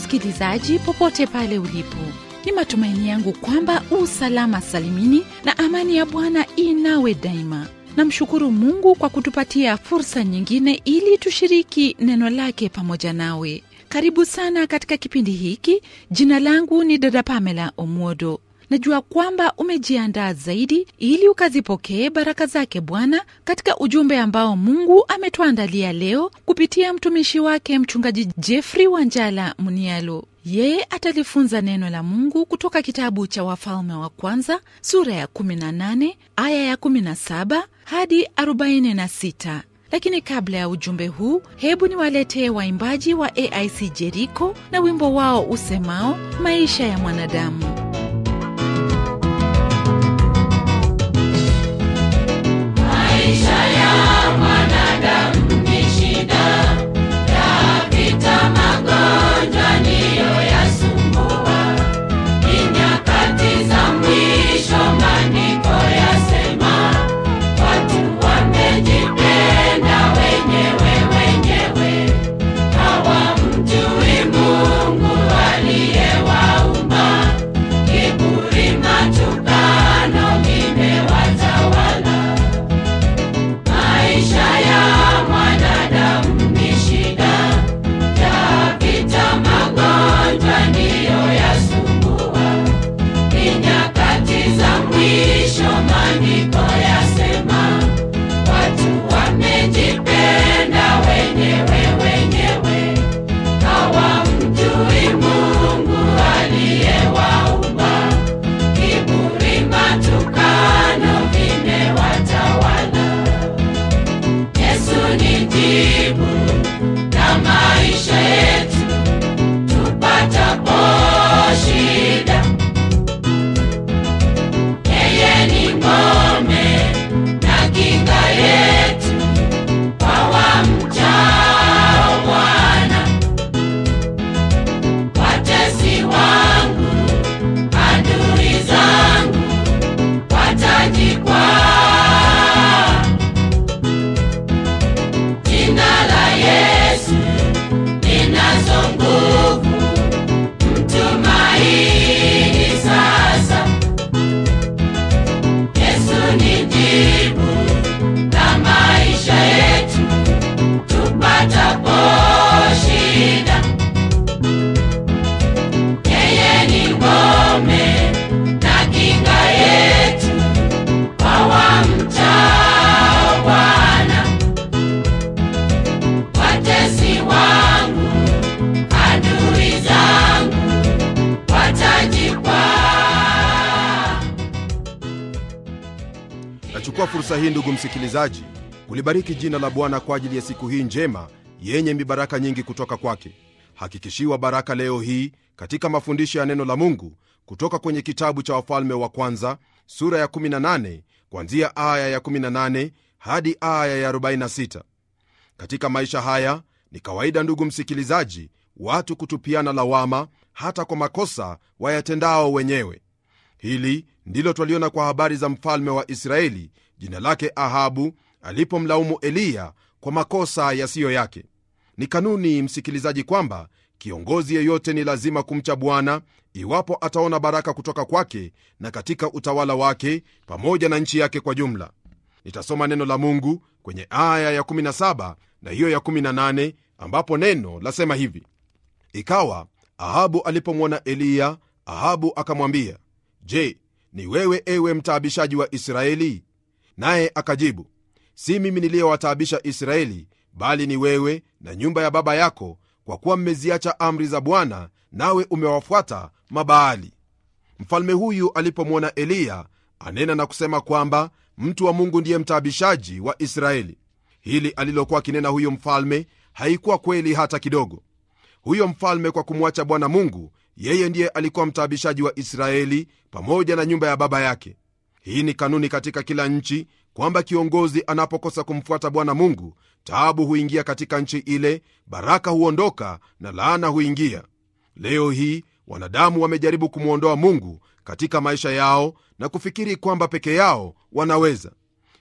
msikilizaji, popote pale ulipo, ni matumaini yangu kwamba usalama salimini na amani ya Bwana inawe daima. Namshukuru Mungu kwa kutupatia fursa nyingine ili tushiriki neno lake pamoja nawe. Karibu sana katika kipindi hiki. Jina langu ni dada Pamela omwodo najua kwamba umejiandaa zaidi ili ukazipokee baraka zake Bwana katika ujumbe ambao Mungu ametuandalia leo kupitia mtumishi wake Mchungaji Jeffrey Wanjala Munialo. Yeye atalifunza neno la Mungu kutoka kitabu cha Wafalme wa Kwanza sura ya 18 aya ya 17 hadi 46. Lakini kabla ya ujumbe huu, hebu niwaletee waimbaji wa AIC Jeriko na wimbo wao usemao maisha ya mwanadamu. Fursa hii ndugu msikilizaji, kulibariki jina la Bwana kwa ajili ya siku hii njema yenye mibaraka nyingi kutoka kwake. Hakikishiwa baraka leo hii katika mafundisho ya neno la Mungu kutoka kwenye kitabu cha Wafalme wa Kwanza sura ya 18 kwanzia aya ya 18 hadi aya ya 46. Katika maisha haya ni kawaida, ndugu msikilizaji, watu kutupiana lawama hata kwa makosa wayatendao wenyewe. Hili ndilo twaliona kwa habari za mfalme wa Israeli jina lake Ahabu, alipomlaumu Eliya kwa makosa yasiyo yake. Ni kanuni, msikilizaji, kwamba kiongozi yeyote ni lazima kumcha Bwana iwapo ataona baraka kutoka kwake na katika utawala wake pamoja na nchi yake kwa jumla. Nitasoma neno la Mungu kwenye aya ya 17 na hiyo ya 18, ambapo neno lasema hivi: ikawa Ahabu alipomwona Eliya, Ahabu akamwambia, Je, ni wewe ewe mtaabishaji wa Israeli? naye akajibu si mimi niliyewataabisha israeli bali ni wewe na nyumba ya baba yako kwa kuwa mmeziacha amri za bwana nawe umewafuata mabaali mfalme huyu alipomwona eliya anena na kusema kwamba mtu wa mungu ndiye mtaabishaji wa israeli hili alilokuwa akinena huyo mfalme haikuwa kweli hata kidogo huyo mfalme kwa kumwacha bwana mungu yeye ndiye alikuwa mtaabishaji wa israeli pamoja na nyumba ya baba yake hii ni kanuni katika kila nchi, kwamba kiongozi anapokosa kumfuata Bwana Mungu, taabu huingia katika nchi ile, baraka huondoka na laana huingia. Leo hii wanadamu wamejaribu kumwondoa Mungu katika maisha yao na kufikiri kwamba peke yao wanaweza.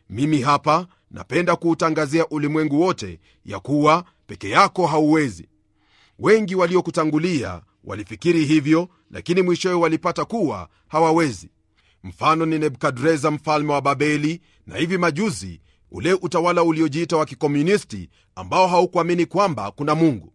Mimi hapa napenda kuutangazia ulimwengu wote ya kuwa peke yako hauwezi. Wengi waliokutangulia walifikiri hivyo, lakini mwishowe walipata kuwa hawawezi mfano ni nebukadreza mfalme wa babeli na hivi majuzi ule utawala uliojiita wa kikomunisti ambao haukuamini kwamba kuna mungu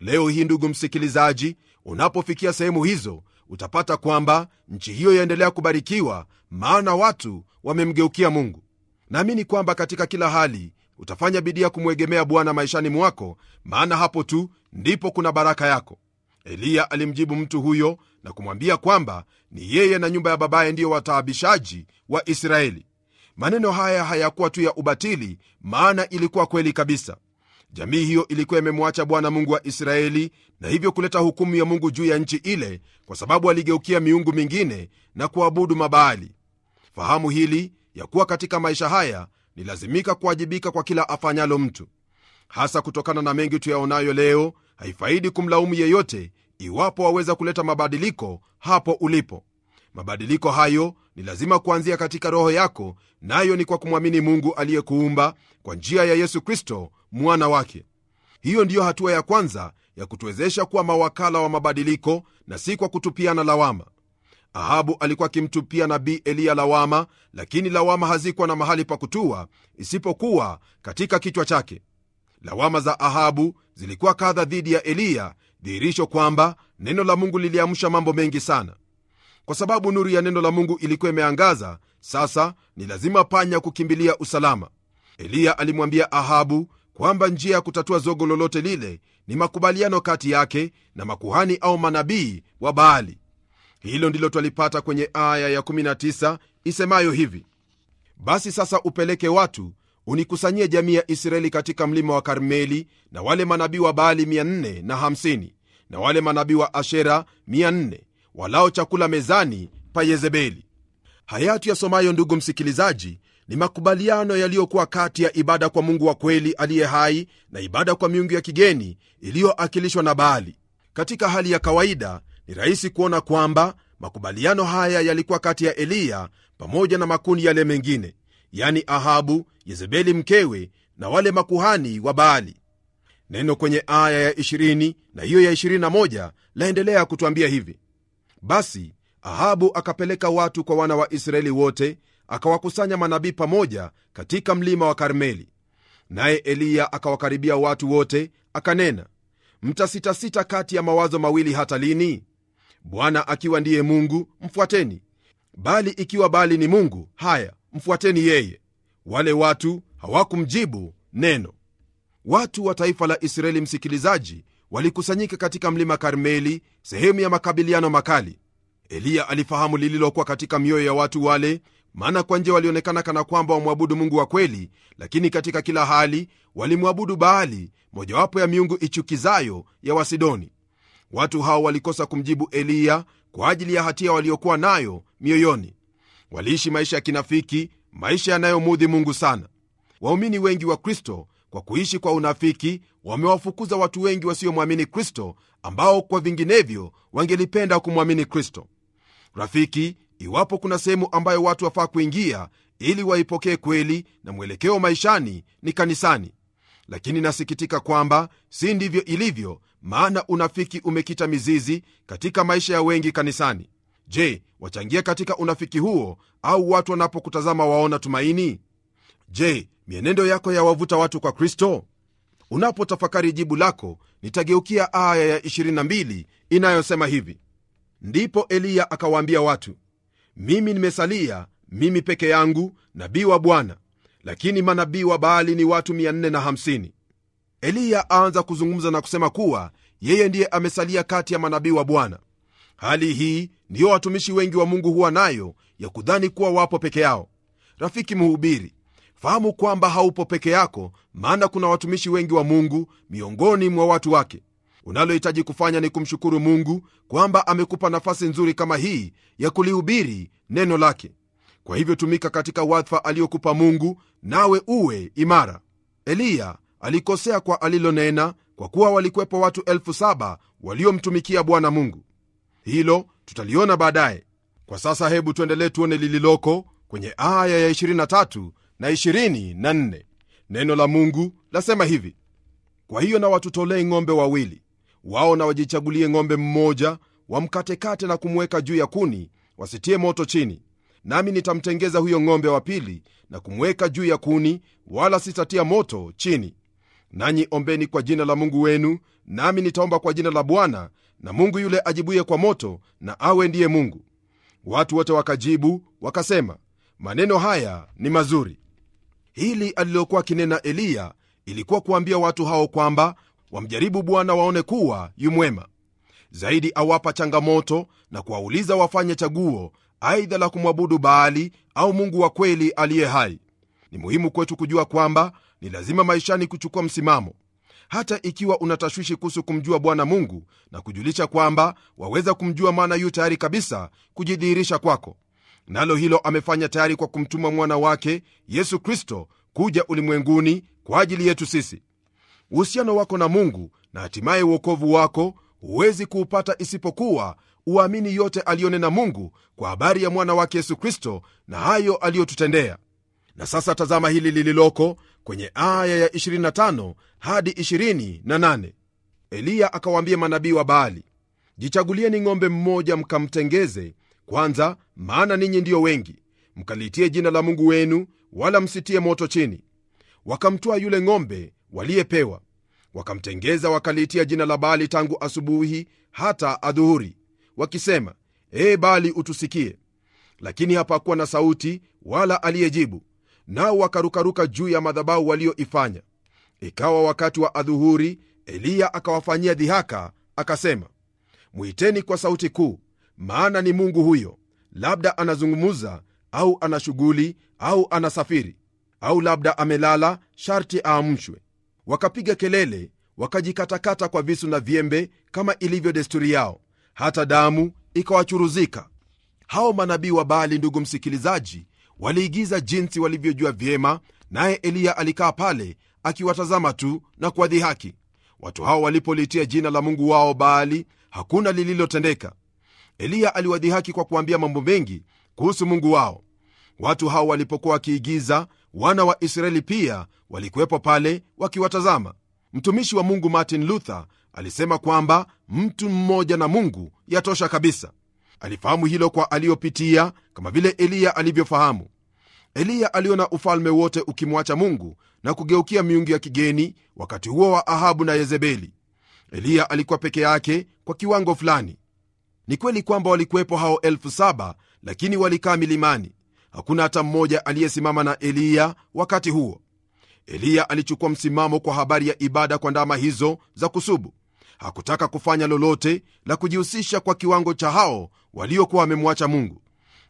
leo hii ndugu msikilizaji unapofikia sehemu hizo utapata kwamba nchi hiyo yaendelea kubarikiwa maana watu wamemgeukia mungu naamini kwamba katika kila hali utafanya bidii ya kumwegemea bwana maishani mwako maana hapo tu ndipo kuna baraka yako eliya alimjibu mtu huyo na kumwambia kwamba ni yeye na nyumba ya babaye ndiyo wataabishaji wa Israeli. Maneno haya hayakuwa tu ya ubatili, maana ilikuwa kweli kabisa. Jamii hiyo ilikuwa imemwacha Bwana Mungu wa Israeli, na hivyo kuleta hukumu ya Mungu juu ya nchi ile, kwa sababu aligeukia miungu mingine na kuabudu mabaali. Fahamu hili ya kuwa katika maisha haya lazimika kuwajibika kwa kila afanyalo mtu, hasa kutokana na mengi tuyaonayo leo. Haifaidi kumlaumu yeyote iwapo waweza kuleta mabadiliko hapo ulipo. Mabadiliko hayo ni lazima kuanzia katika roho yako, nayo ni kwa kumwamini Mungu aliyekuumba kwa njia ya Yesu Kristo mwana wake. Hiyo ndiyo hatua ya kwanza ya kutuwezesha kuwa mawakala wa mabadiliko na si kwa kutupiana lawama. Ahabu alikuwa akimtupia nabii Eliya lawama, lakini lawama hazikuwa na mahali pa kutua isipokuwa katika kichwa chake. Lawama za Ahabu zilikuwa kadha dhidi ya Eliya, dhihirisho kwamba neno la mungu liliamsha mambo mengi sana kwa sababu nuru ya neno la mungu ilikuwa imeangaza sasa ni lazima panya kukimbilia usalama eliya alimwambia ahabu kwamba njia ya kutatua zogo lolote lile ni makubaliano kati yake na makuhani au manabii wa baali hilo ndilo twalipata kwenye aya ya 19 isemayo hivi basi sasa upeleke watu unikusanyie jamii ya israeli katika mlima wa karmeli na wale manabii wa baali 450 na wale manabii wa ashera 400 walao chakula mezani pa yezebeli hayatu yasomayo ndugu msikilizaji ni makubaliano yaliyokuwa kati ya ibada kwa mungu wa kweli aliye hai na ibada kwa miungu ya kigeni iliyoakilishwa na baali katika hali ya kawaida ni rahisi kuona kwamba makubaliano haya yalikuwa kati ya eliya pamoja na makundi yale mengine yani ahabu Yezebeli mkewe na wale makuhani wa Baali. Neno kwenye aya ya 20 na hiyo ya 21 laendelea kutwambia hivi: basi Ahabu akapeleka watu kwa wana wa Israeli wote, akawakusanya manabii pamoja katika mlima wa Karmeli. Naye Eliya akawakaribia watu wote, akanena, mtasitasita kati ya mawazo mawili hata lini? Bwana akiwa ndiye Mungu, mfuateni; bali ikiwa Baali ni mungu, haya, mfuateni yeye wale watu hawakumjibu neno. Watu wa taifa la Israeli, msikilizaji, walikusanyika katika mlima Karmeli, sehemu ya makabiliano makali. Eliya alifahamu lililokuwa katika mioyo ya watu wale, maana kwa nje walionekana kana kwamba wamwabudu Mungu wa kweli, lakini katika kila hali walimwabudu Baali, mojawapo ya miungu ichukizayo ya Wasidoni. Watu hao walikosa kumjibu Eliya kwa ajili ya hatia waliokuwa nayo mioyoni. Waliishi maisha ya kinafiki maisha yanayomudhi Mungu sana. Waumini wengi wa Kristo kwa kuishi kwa unafiki wamewafukuza watu wengi wasiomwamini Kristo, ambao kwa vinginevyo wangelipenda kumwamini Kristo. Rafiki, iwapo kuna sehemu ambayo watu wafaa kuingia ili waipokee kweli na mwelekeo maishani, ni kanisani. Lakini nasikitika kwamba si ndivyo ilivyo, maana unafiki umekita mizizi katika maisha ya wengi kanisani je wachangia katika unafiki huo au watu wanapokutazama waona tumaini je mienendo yako yawavuta watu kwa kristo unapotafakari jibu lako nitageukia aya ya 22 inayosema hivi ndipo eliya akawaambia watu mimi nimesalia mimi peke yangu nabii wa bwana lakini manabii wa baali ni watu 450 eliya aanza kuzungumza na kusema kuwa yeye ndiye amesalia kati ya manabii wa bwana hali hii ndiyo watumishi wengi wa mungu huwa nayo ya kudhani kuwa wapo peke yao rafiki mhubiri fahamu kwamba haupo peke yako maana kuna watumishi wengi wa mungu miongoni mwa watu wake unalohitaji kufanya ni kumshukuru mungu kwamba amekupa nafasi nzuri kama hii ya kulihubiri neno lake kwa hivyo tumika katika wadhifa aliyokupa mungu nawe uwe imara eliya alikosea kwa alilonena kwa kuwa walikuwepo watu elfu saba waliomtumikia bwana mungu hilo tutaliona baadaye. Kwa sasa, hebu tuendelee tuone lililoko kwenye aya ya 23 na 24. Neno la Mungu lasema hivi: kwa hiyo na watutolee ng'ombe wawili, wao na wajichagulie ng'ombe mmoja, wamkatekate na kumweka juu ya kuni, wasitie moto chini. Nami nitamtengeza huyo ng'ombe wa pili na kumweka juu ya kuni, wala sitatia moto chini. Nanyi ombeni kwa jina la Mungu wenu, nami nitaomba kwa jina la Bwana, na Mungu yule ajibuye kwa moto, na awe ndiye Mungu. Watu wote wakajibu wakasema, maneno haya ni mazuri. Hili alilokuwa akinena Eliya ilikuwa kuambia watu hao kwamba wamjaribu Bwana waone kuwa yumwema zaidi. Awapa changamoto na kuwauliza wafanye chaguo aidha la kumwabudu Baali au Mungu wa kweli aliye hai. Ni muhimu kwetu kujua kwamba ni lazima maishani kuchukua msimamo hata ikiwa una tashwishi kuhusu kumjua bwana mungu na kujulisha kwamba waweza kumjua maana yu tayari kabisa kujidhihirisha kwako nalo hilo amefanya tayari kwa kumtuma mwana wake yesu kristo kuja ulimwenguni kwa ajili yetu sisi uhusiano wako na mungu na hatimaye uokovu wako huwezi kuupata isipokuwa uamini yote aliyonena mungu kwa habari ya mwana wake yesu kristo na hayo aliyotutendea na sasa tazama hili lililoko kwenye aya ya 25 hadi 28. Eliya akawaambia manabii wa Baali, jichagulieni ng'ombe mmoja mkamtengeze kwanza, maana ninyi ndiyo wengi, mkalitie jina la Mungu wenu, wala msitie moto chini. Wakamtwaa yule ng'ombe waliyepewa, wakamtengeza, wakaliitia jina la Baali tangu asubuhi hata adhuhuri, wakisema, Ee Baali, utusikie. Lakini hapakuwa na sauti wala aliyejibu nao wakarukaruka juu ya madhabahu walioifanya. Ikawa wakati wa adhuhuri, Eliya akawafanyia dhihaka, akasema, mwiteni kwa sauti kuu, maana ni Mungu huyo, labda anazungumuza au ana shughuli au anasafiri au labda amelala, sharti aamshwe. Wakapiga kelele, wakajikatakata kwa visu na vyembe, kama ilivyo desturi yao, hata damu ikawachuruzika. Hao manabii wa Baali, ndugu msikilizaji, waliigiza jinsi walivyojua vyema, naye Eliya alikaa pale akiwatazama tu na kuwadhihaki. Watu hao walipolitia jina la mungu wao Baali, hakuna lililotendeka. Eliya aliwadhihaki kwa kuambia mambo mengi kuhusu mungu wao. Watu hao walipokuwa wakiigiza, wana wa Israeli pia walikuwepo pale wakiwatazama. Mtumishi wa Mungu Martin Luther alisema kwamba mtu mmoja na Mungu yatosha kabisa. Alifahamu hilo kwa aliyopitia, kama vile Eliya alivyofahamu. Eliya aliona ufalme wote ukimwacha Mungu na kugeukia miungu ya kigeni wakati huo wa Ahabu na Yezebeli. Eliya alikuwa peke yake kwa kiwango fulani. Ni kweli kwamba walikuwepo hao elfu saba lakini walikaa milimani. Hakuna hata mmoja aliyesimama na Eliya wakati huo. Eliya alichukua msimamo kwa habari ya ibada kwa ndama hizo za kusubu hakutaka kufanya lolote la kujihusisha kwa kiwango cha hao waliokuwa wamemwacha Mungu.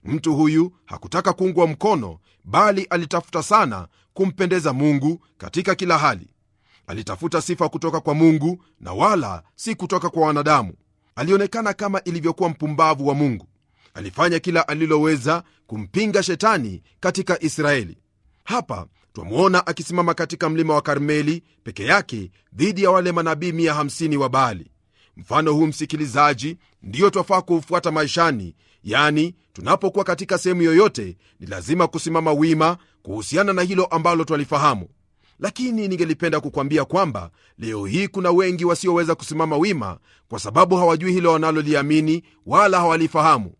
Mtu huyu hakutaka kuungwa mkono, bali alitafuta sana kumpendeza Mungu katika kila hali. Alitafuta sifa kutoka kwa Mungu na wala si kutoka kwa wanadamu. Alionekana kama ilivyokuwa mpumbavu wa Mungu. Alifanya kila aliloweza kumpinga Shetani katika Israeli. Hapa twamwona akisimama katika mlima wa Karmeli peke yake dhidi ya wale manabii 50 wa Baali. Mfano huu msikilizaji, ndiyo twafaa kuufuata maishani, yani tunapokuwa katika sehemu yoyote ni lazima kusimama wima kuhusiana na hilo ambalo twalifahamu. Lakini ningelipenda kukwambia kwamba leo hii kuna wengi wasioweza kusimama wima kwa sababu hawajui hilo wanaloliamini wala hawalifahamu.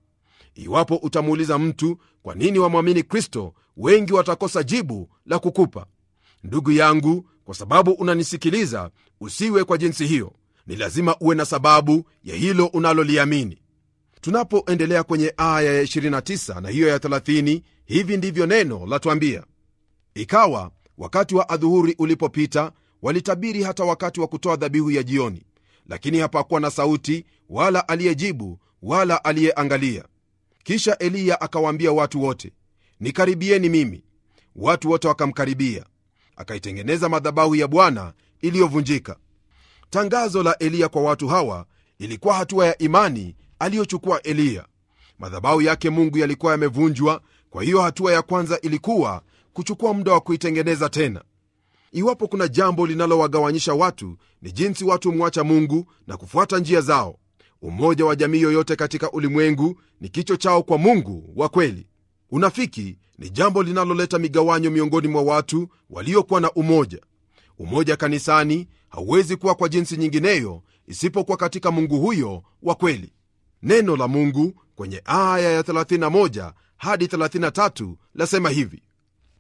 Iwapo utamuuliza mtu kwa nini wamwamini Kristo, wengi watakosa jibu la kukupa. Ndugu yangu, kwa sababu unanisikiliza, usiwe kwa jinsi hiyo. Ni lazima uwe na sababu ya hilo unaloliamini. Tunapoendelea kwenye aya ya 29 na hiyo ya 30, hivi ndivyo neno latwambia: ikawa wakati wa adhuhuri ulipopita, walitabiri hata wakati wa kutoa dhabihu ya jioni, lakini hapakuwa na sauti, wala aliyejibu wala aliyeangalia. Kisha Eliya akawaambia watu wote, nikaribieni mimi watu wote wakamkaribia akaitengeneza madhabahu ya bwana iliyovunjika tangazo la eliya kwa watu hawa ilikuwa hatua ya imani aliyochukua eliya madhabahu yake mungu yalikuwa yamevunjwa kwa hiyo hatua ya kwanza ilikuwa kuchukua muda wa kuitengeneza tena iwapo kuna jambo linalowagawanyisha watu ni jinsi watu humwacha mungu na kufuata njia zao umoja wa jamii yoyote katika ulimwengu ni kicho chao kwa mungu wa kweli unafiki ni jambo linaloleta migawanyo miongoni mwa watu waliokuwa na umoja umoja kanisani hauwezi kuwa kwa jinsi nyingineyo isipokuwa katika mungu huyo wa kweli neno la mungu kwenye aya ya 31 hadi 33 lasema hivi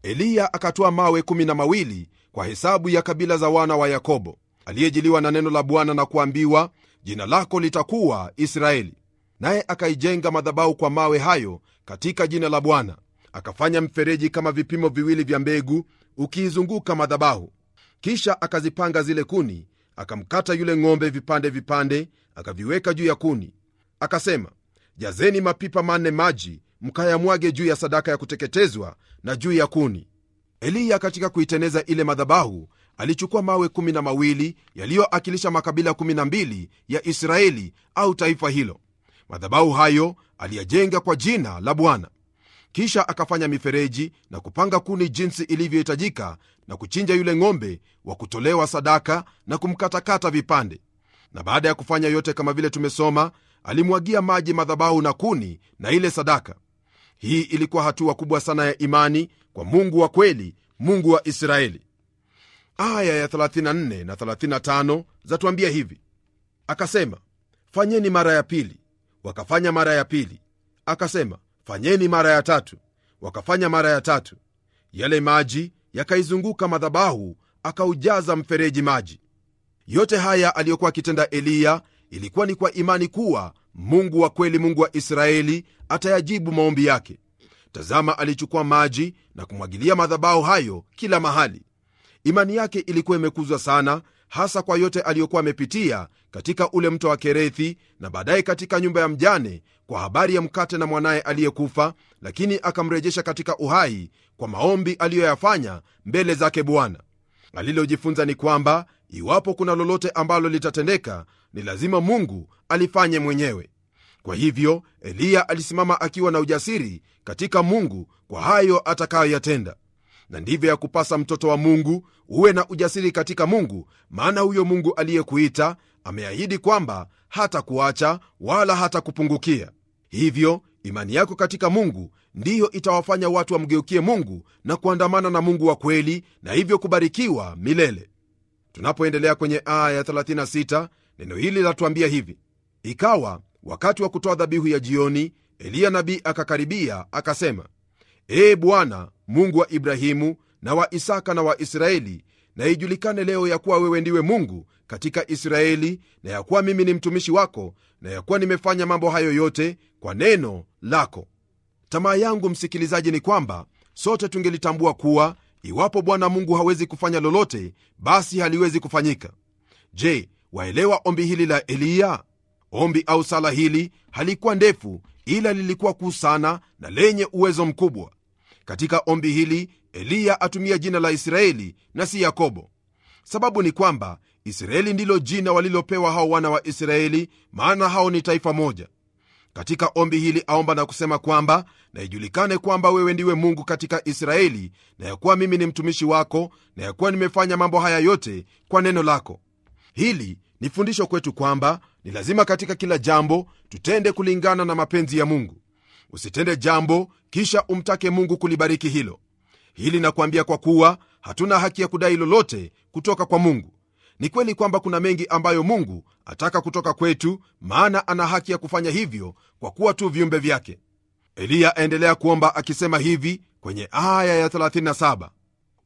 eliya akatoa mawe kumi na mawili kwa hesabu ya kabila za wana wa yakobo aliyejiliwa na neno la bwana na kuambiwa jina lako litakuwa israeli naye akaijenga madhabahu kwa mawe hayo katika jina la Bwana. Akafanya mfereji kama vipimo viwili vya mbegu ukiizunguka madhabahu. Kisha akazipanga zile kuni, akamkata yule ng'ombe vipande vipande, akaviweka juu ya kuni. Akasema, jazeni mapipa manne maji, mkayamwage juu ya sadaka ya kuteketezwa na juu ya kuni. Eliya katika kuiteneza ile madhabahu alichukua mawe kumi na mawili yaliyoakilisha makabila kumi na mbili ya Israeli au taifa hilo madhabahu hayo aliyajenga kwa jina la Bwana. Kisha akafanya mifereji na kupanga kuni jinsi ilivyohitajika, na kuchinja yule ng'ombe wa kutolewa sadaka na kumkatakata vipande. Na baada ya kufanya yote kama vile tumesoma, alimwagia maji madhabahu na kuni na ile sadaka. Hii ilikuwa hatua kubwa sana ya imani kwa Mungu wa kweli, Mungu wa Israeli. Aya ya 34 na 35 zatuambia hivi: akasema, fanyeni mara ya pili wakafanya mara ya pili akasema fanyeni mara ya tatu wakafanya mara ya tatu yale maji yakaizunguka madhabahu akaujaza mfereji maji yote haya aliyokuwa akitenda eliya ilikuwa ni kwa imani kuwa mungu wa kweli mungu wa israeli atayajibu maombi yake tazama alichukua maji na kumwagilia madhabahu hayo kila mahali imani yake ilikuwa imekuzwa sana hasa kwa yote aliyokuwa amepitia katika ule mto wa Kerethi na baadaye katika nyumba ya mjane kwa habari ya mkate na mwanaye aliyekufa, lakini akamrejesha katika uhai kwa maombi aliyoyafanya mbele zake Bwana. Alilojifunza ni kwamba iwapo kuna lolote ambalo litatendeka, ni lazima Mungu alifanye mwenyewe. Kwa hivyo Eliya alisimama akiwa na ujasiri katika Mungu kwa hayo atakayoyatenda, na ndivyo ya kupasa mtoto wa Mungu uwe na ujasiri katika Mungu, maana huyo Mungu aliyekuita ameahidi kwamba hatakuacha wala hatakupungukia. Hivyo imani yako katika Mungu ndiyo itawafanya watu wamgeukie Mungu na kuandamana na Mungu wa kweli, na hivyo kubarikiwa milele. Tunapoendelea kwenye aya ya 36 neno hili latuambia hivi: ikawa wakati wa kutoa dhabihu ya jioni, Eliya nabii akakaribia akasema, Ee Bwana Mungu wa Ibrahimu na wa Isaka na wa Israeli, na ijulikane leo ya kuwa wewe ndiwe Mungu katika israeli na ya kuwa mimi ni mtumishi wako na ya kuwa nimefanya mambo hayo yote kwa neno lako tamaa yangu msikilizaji ni kwamba sote tungelitambua kuwa iwapo bwana mungu hawezi kufanya lolote basi haliwezi kufanyika je waelewa ombi hili la eliya ombi au sala hili halikuwa ndefu ila lilikuwa kuu sana na lenye uwezo mkubwa katika ombi hili eliya atumia jina la israeli na si yakobo sababu ni kwamba israeli ndilo jina walilopewa hao wana wa israeli maana hao ni taifa moja katika ombi hili aomba na kusema kwamba na ijulikane kwamba wewe ndiwe mungu katika israeli na yakuwa mimi ni mtumishi wako na yakuwa nimefanya mambo haya yote kwa neno lako hili ni fundisho kwetu kwamba ni lazima katika kila jambo tutende kulingana na mapenzi ya mungu usitende jambo kisha umtake mungu kulibariki hilo hili nakuambia kwa kuwa hatuna haki ya kudai lolote kutoka kwa mungu ni kweli kwamba kuna mengi ambayo mungu ataka kutoka kwetu maana ana haki ya kufanya hivyo kwa kuwa tu viumbe vyake eliya aendelea kuomba akisema hivi kwenye aya ya 37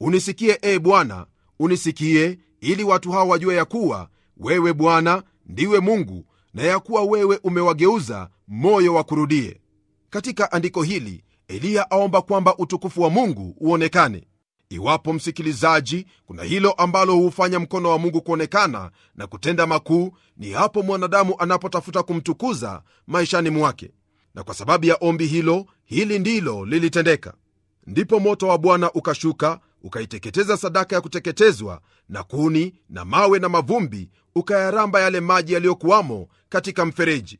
unisikie e bwana unisikie ili watu hawa wajue ya kuwa wewe bwana ndiwe mungu na ya kuwa wewe umewageuza moyo wa kurudie katika andiko hili eliya aomba kwamba utukufu wa mungu uonekane Iwapo msikilizaji, kuna hilo ambalo huufanya mkono wa Mungu kuonekana na kutenda makuu, ni hapo mwanadamu anapotafuta kumtukuza maishani mwake. Na kwa sababu ya ombi hilo, hili ndilo lilitendeka: ndipo moto wa Bwana ukashuka ukaiteketeza sadaka ya kuteketezwa na kuni na mawe na mavumbi, ukayaramba yale maji yaliyokuwamo katika mfereji.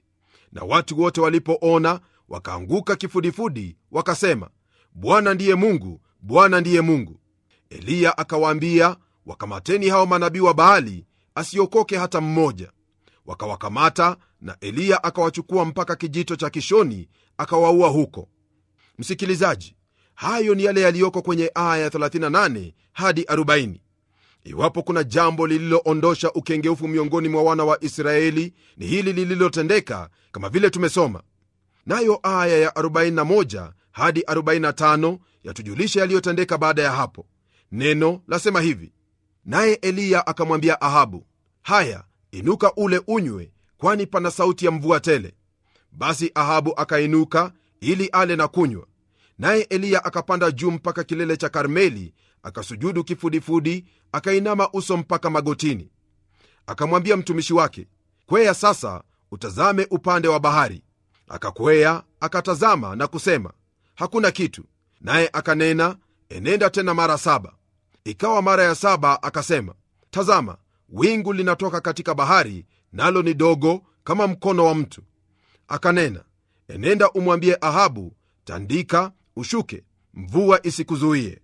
Na watu wote walipoona wakaanguka kifudifudi, wakasema, Bwana ndiye Mungu, Bwana ndiye Mungu. Eliya akawaambia, wakamateni hao manabii wa Baali, asiokoke hata mmoja. Wakawakamata, na Eliya akawachukua mpaka kijito cha Kishoni, akawaua huko. Msikilizaji, hayo ni yale yaliyoko kwenye aya ya 38 hadi 40. Iwapo kuna jambo lililoondosha ukengeufu miongoni mwa wana wa Israeli ni hili lililotendeka, kama vile tumesoma nayo. Aya ya 41 hadi 45 yatujulisha yaliyotendeka baada ya hapo neno lasema hivi naye eliya akamwambia ahabu haya inuka ule unywe kwani pana sauti ya mvua tele basi ahabu akainuka ili ale na kunywa naye eliya akapanda juu mpaka kilele cha karmeli akasujudu kifudifudi akainama uso mpaka magotini akamwambia mtumishi wake kweya sasa utazame upande wa bahari akakweya akatazama na kusema hakuna kitu naye akanena enenda tena mara saba ikawa mara ya saba akasema tazama wingu linatoka katika bahari nalo ni dogo kama mkono wa mtu akanena enenda umwambie ahabu tandika ushuke mvua isikuzuie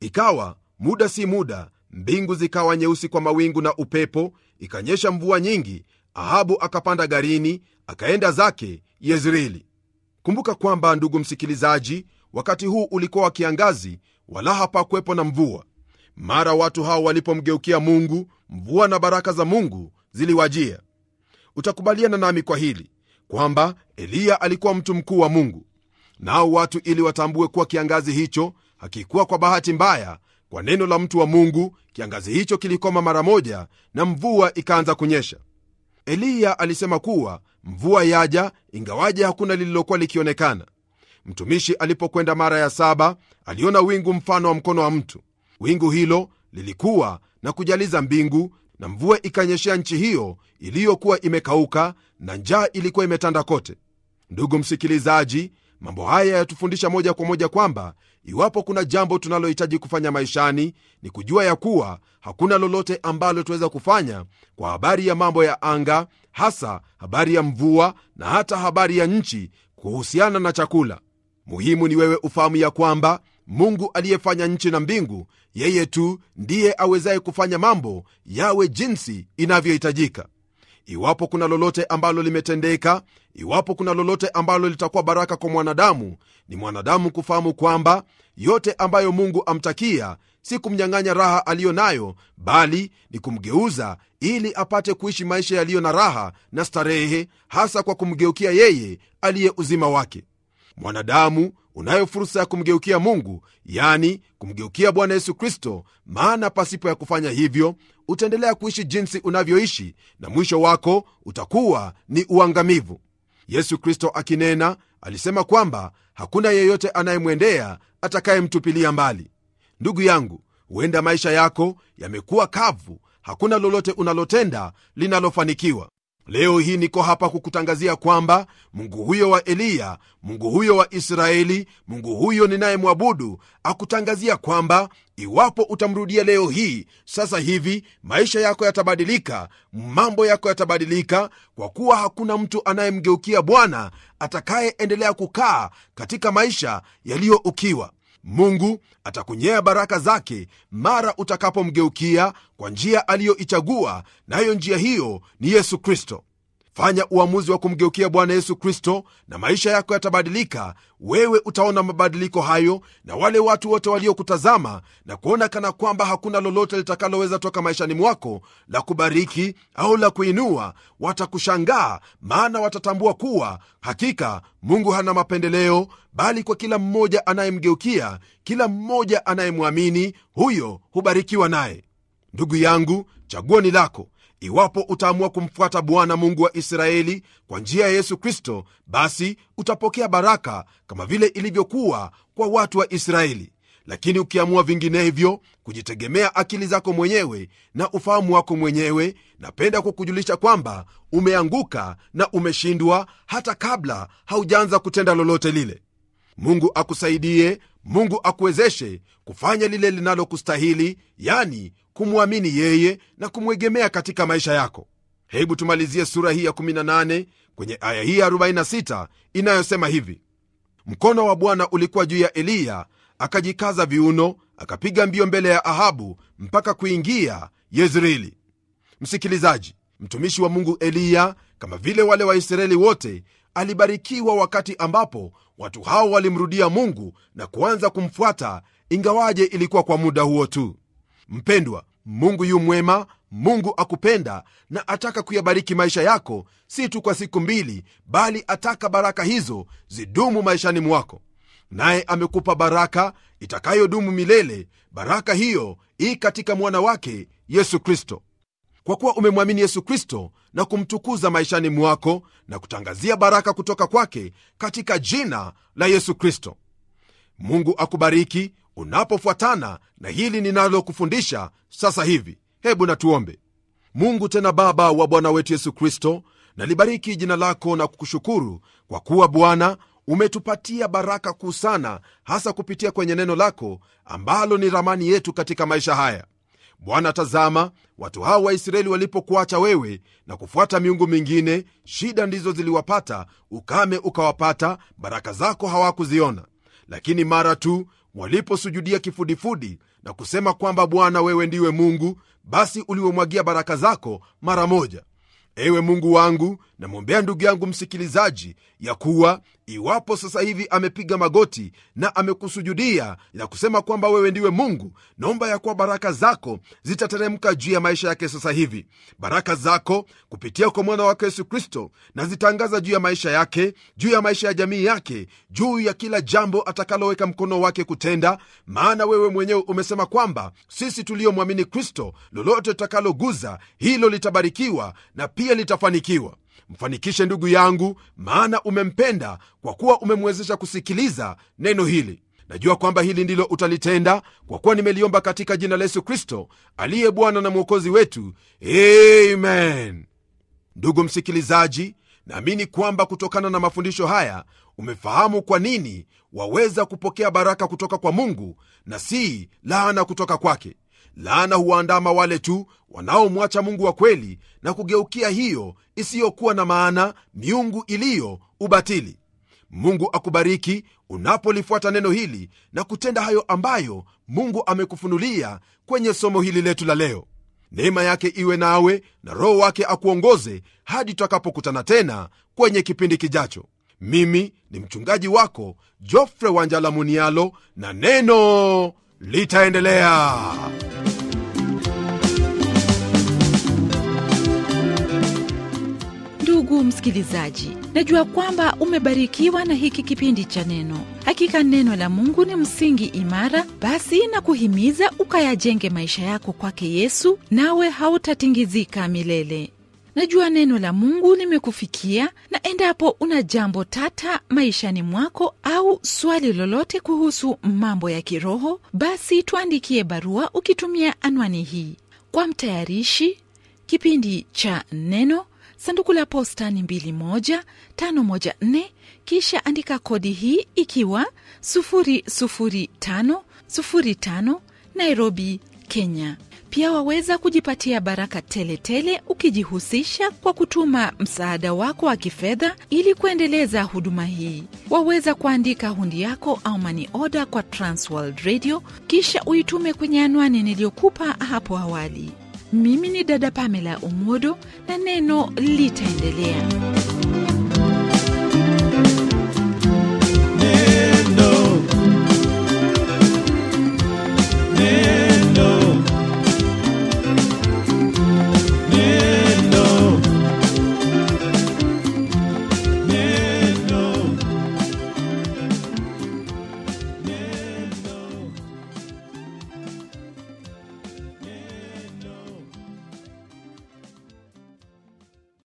ikawa muda si muda mbingu zikawa nyeusi kwa mawingu na upepo ikanyesha mvua nyingi ahabu akapanda garini akaenda zake yezreeli kumbuka kwamba ndugu msikilizaji wakati huu ulikuwa wa kiangazi wala hapakuwepo na mvua mara watu hao walipomgeukia Mungu, mvua na baraka za Mungu ziliwajia. Utakubaliana nami kwa hili kwamba Eliya alikuwa mtu mkuu wa Mungu, nao watu ili watambue kuwa kiangazi hicho hakikuwa kwa bahati mbaya. Kwa neno la mtu wa Mungu, kiangazi hicho kilikoma mara moja na mvua ikaanza kunyesha. Eliya alisema kuwa mvua yaja, ingawaje hakuna lililokuwa likionekana. Mtumishi alipokwenda mara ya saba, aliona wingu mfano wa mkono wa mtu. Wingu hilo lilikuwa na kujaliza mbingu, na mvua ikanyeshea nchi hiyo iliyokuwa imekauka, na njaa ilikuwa imetanda kote. Ndugu msikilizaji, mambo haya yatufundisha moja kwa moja kwamba iwapo kuna jambo tunalohitaji kufanya maishani ni kujua ya kuwa hakuna lolote ambalo tunaweza kufanya kwa habari ya mambo ya anga, hasa habari ya mvua na hata habari ya nchi kuhusiana na chakula. Muhimu ni wewe ufahamu ya kwamba Mungu aliyefanya nchi na mbingu yeye tu ndiye awezaye kufanya mambo yawe jinsi inavyohitajika iwapo kuna lolote ambalo limetendeka iwapo kuna lolote ambalo litakuwa baraka kwa mwanadamu ni mwanadamu kufahamu kwamba yote ambayo mungu amtakia si kumnyang'anya raha aliyo nayo bali ni kumgeuza ili apate kuishi maisha yaliyo na raha na starehe hasa kwa kumgeukia yeye aliye uzima wake mwanadamu unayo fursa ya kumgeukia Mungu, yani kumgeukia Bwana Yesu Kristo, maana pasipo ya kufanya hivyo utaendelea kuishi jinsi unavyoishi na mwisho wako utakuwa ni uangamivu. Yesu Kristo akinena alisema kwamba hakuna yeyote anayemwendea atakayemtupilia mbali. Ndugu yangu, huenda maisha yako yamekuwa kavu, hakuna lolote unalotenda linalofanikiwa leo hii niko hapa kukutangazia kwamba mungu huyo wa eliya mungu huyo wa israeli mungu huyo ninayemwabudu akutangazia kwamba iwapo utamrudia leo hii sasa hivi maisha yako yatabadilika mambo yako yatabadilika kwa kuwa hakuna mtu anayemgeukia bwana atakayeendelea kukaa katika maisha yaliyoukiwa Mungu atakunyea baraka zake mara utakapomgeukia kwa njia aliyoichagua, nayo njia hiyo ni Yesu Kristo. Fanya uamuzi wa kumgeukia Bwana Yesu Kristo na maisha yako yatabadilika. Wewe utaona mabadiliko hayo, na wale watu wote waliokutazama na kuona kana kwamba hakuna lolote litakaloweza toka maishani mwako la kubariki au la kuinua, watakushangaa, maana watatambua kuwa hakika Mungu hana mapendeleo, bali kwa kila mmoja anayemgeukia, kila mmoja anayemwamini, huyo hubarikiwa naye. Ndugu yangu, chaguo ni lako iwapo utaamua kumfuata bwana mungu wa israeli kwa njia ya yesu kristo basi utapokea baraka kama vile ilivyokuwa kwa watu wa israeli lakini ukiamua vinginevyo kujitegemea akili zako mwenyewe na ufahamu wako mwenyewe napenda kukujulisha kwamba umeanguka na umeshindwa hata kabla haujaanza kutenda lolote lile mungu akusaidie mungu akuwezeshe kufanya lile linalokustahili yani kumwamini yeye na kumwegemea katika maisha yako hebu tumalizie sura hii ya 18 kwenye aya hii ya 46 inayosema hivi mkono wa bwana ulikuwa juu ya eliya akajikaza viuno akapiga mbio mbele ya ahabu mpaka kuingia yezreeli msikilizaji mtumishi wa mungu eliya kama vile wale waisraeli wote alibarikiwa wakati ambapo watu hao walimrudia mungu na kuanza kumfuata ingawaje ilikuwa kwa muda huo tu mpendwa mungu yu mwema mungu akupenda na ataka kuyabariki maisha yako si tu kwa siku mbili bali ataka baraka hizo zidumu maishani mwako naye amekupa baraka itakayodumu milele baraka hiyo i katika mwana wake yesu kristo kwa kuwa umemwamini Yesu Kristo na kumtukuza maishani mwako na kutangazia baraka kutoka kwake katika jina la Yesu Kristo. Mungu akubariki unapofuatana na hili ninalokufundisha sasa hivi. Hebu natuombe. Mungu tena Baba wa Bwana wetu Yesu Kristo, nalibariki jina lako na kukushukuru kwa kuwa Bwana umetupatia baraka kuu sana, hasa kupitia kwenye neno lako ambalo ni ramani yetu katika maisha haya. Bwana, tazama watu hao Waisraeli walipokuacha wewe na kufuata miungu mingine, shida ndizo ziliwapata, ukame ukawapata, baraka zako hawakuziona. Lakini mara tu waliposujudia kifudifudi na kusema kwamba Bwana wewe ndiwe Mungu, basi uliwemwagia baraka zako mara moja. Ewe Mungu wangu, namwombea ndugu yangu msikilizaji ya kuwa iwapo sasa hivi amepiga magoti na amekusujudia na kusema kwamba wewe ndiwe mungu naomba ya kuwa baraka zako zitateremka juu ya maisha yake sasa hivi baraka zako kupitia kwa mwana wako yesu kristo na zitangaza juu ya maisha yake juu ya maisha ya jamii yake juu ya kila jambo atakaloweka mkono wake kutenda maana wewe mwenyewe umesema kwamba sisi tuliyomwamini kristo lolote utakaloguza hilo litabarikiwa na pia litafanikiwa mfanikishe ndugu yangu maana umempenda kwa kuwa umemwezesha kusikiliza neno hili najua kwamba hili ndilo utalitenda kwa kuwa nimeliomba katika jina la yesu kristo aliye bwana na mwokozi wetu amen ndugu msikilizaji naamini kwamba kutokana na mafundisho haya umefahamu kwa nini waweza kupokea baraka kutoka kwa mungu na si laana kutoka kwake laana huwaandama wale tu wanaomwacha mungu wa kweli na kugeukia hiyo isiyokuwa na maana miungu iliyo ubatili mungu akubariki unapolifuata neno hili na kutenda hayo ambayo mungu amekufunulia kwenye somo hili letu la leo neema yake iwe nawe na roho wake akuongoze hadi tutakapokutana tena kwenye kipindi kijacho mimi ni mchungaji wako jofre wanjala munialo na neno litaendelea ndugu msikilizaji, najua kwamba umebarikiwa na hiki kipindi cha neno. Hakika neno la Mungu ni msingi imara, basi na kuhimiza ukayajenge maisha yako kwake Yesu, nawe hautatingizika milele. Najua neno la Mungu limekufikia, na endapo una jambo tata maishani mwako au swali lolote kuhusu mambo ya kiroho, basi tuandikie barua ukitumia anwani hii: kwa mtayarishi kipindi cha Neno, sanduku la posta ni 21514 kisha andika kodi hii ikiwa 00505 Nairobi, Kenya. Pia waweza kujipatia baraka teletele tele ukijihusisha kwa kutuma msaada wako wa kifedha ili kuendeleza huduma hii. Waweza kuandika hundi yako au mani oda kwa Transworld Radio kisha uitume kwenye anwani niliyokupa hapo awali. Mimi ni dada Pamela omodo na neno litaendelea.